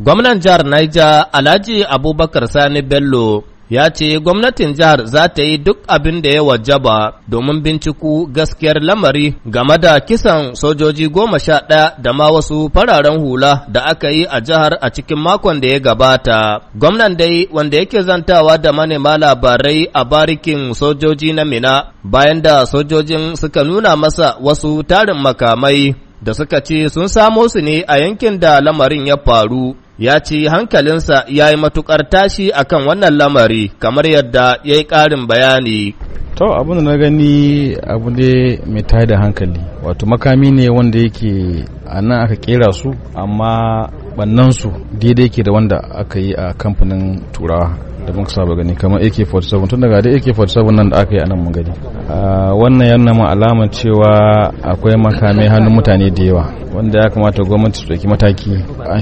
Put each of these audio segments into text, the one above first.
Gwamnan jihar Niger Alhaji Abubakar Sani Bello ya ce gwamnatin jihar za ta yi duk abin da ya wajaba domin binciku gaskiyar lamari game da kisan sojoji goma sha ɗaya da ma wasu fararen hula da aka yi a jihar a cikin makon da ya gabata. Gwamnan dai wanda yake zantawa da manema labarai a barikin sojoji na Mina bayan da sojojin suka nuna masa wasu tarin makamai da suka ce sun samo su ne a yankin da lamarin ya faru. ya ce hankalinsa ya yi matuƙar tashi a kan wannan lamari kamar yadda ya yi ƙarin bayani. To abin da na gani abu ne mai da hankali wato makami ne wanda yake a nan aka kera su amma bannan su daidai ke da wanda aka yi a kamfanin turawa da muka saba gani kamar ak-47 tun daga da ak-47 nan da aka yi a nan mun gani wannan yana ma alamar cewa akwai makamai hannun mutane da yawa wanda ya kamata gwamnati su ɗauki mataki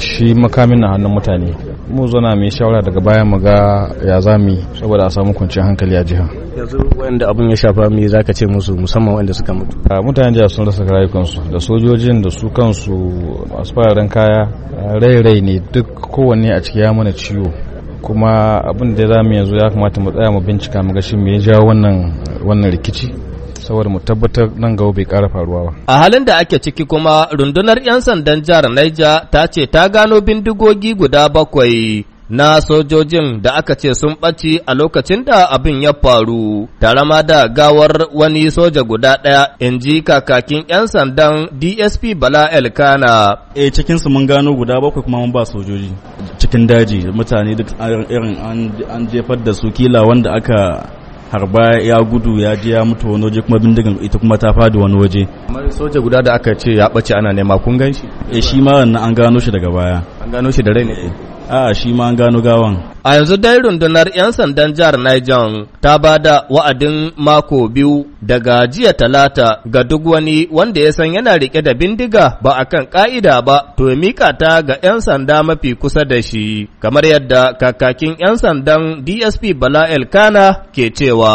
shi makamin na hannun mutane mu zana mai shawara daga bayan mu ga ya za mu saboda a samu kwanciyar hankali a jiha yanzu wanda abin ya shafa mu za ka ce musu musamman wanda suka mutu mutanen jiha sun rasa rayukansu da sojojin da su kansu masu fararen kaya rai rai ne duk kowanne a ciki ya mana ciwo kuma abin da za mu yanzu ya kamata mu tsaya mu bincika mu ga shi me ya jawo wannan rikici saboda mu tabbatar nan gaba bai ƙara faruwa ba. A halin da ake ciki kuma rundunar 'yan sandan jihar Niger ta ce ta gano bindigogi guda bakwai na sojojin da aka ce sun ɓaci a lokacin da abin ya faru tare ma da gawar wani soja guda ɗaya in ji kakakin 'yan sandan dsp bala elkana e cikinsu mun gano guda bakwai kuma mun ba sojoji cikin daji mutane duk irin an jefar da su kila wanda aka harba ya gudu ya je ya mutu wani waje kuma bindigan ita kuma ta fadi wani waje kamar soja guda da aka ce ya bace ana nema kun gan shi eh shi ma wannan an gano shi daga baya an gano shi da rai ne a shi ma gano gawan a yanzu dai rundunar 'yan sandan jihar Niger ta ba da wa'adin mako biyu daga jiya talata ga duk wani wanda ya san yana rike da bindiga ba a kan ka'ida ba to ya mika ta ga 'yan sanda mafi kusa da shi kamar yadda kakakin 'yan sandan DSP Bala Elkana ke cewa.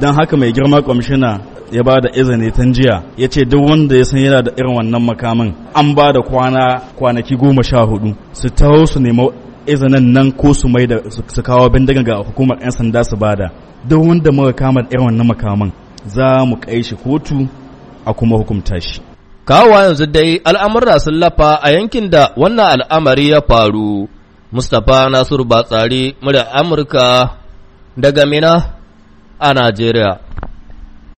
Don haka mai girma kwamishina ya ba da izini tun jiya ya ce duk wanda ya san yana da irin wannan makamin an ba da kwana kwanaki goma sha hudu su taho su nemo izinin nan ko su mai da su kawo bindigan ga hukumar 'yan sanda su bada duk wanda muka kama irin wannan makaman za mu kai shi kotu a kuma hukumta shi kawowa yanzu dai al'amurra sun lafa a yankin da wannan al'amari ya faru mustapha nasiru batsari murya amurka daga mina a najeriya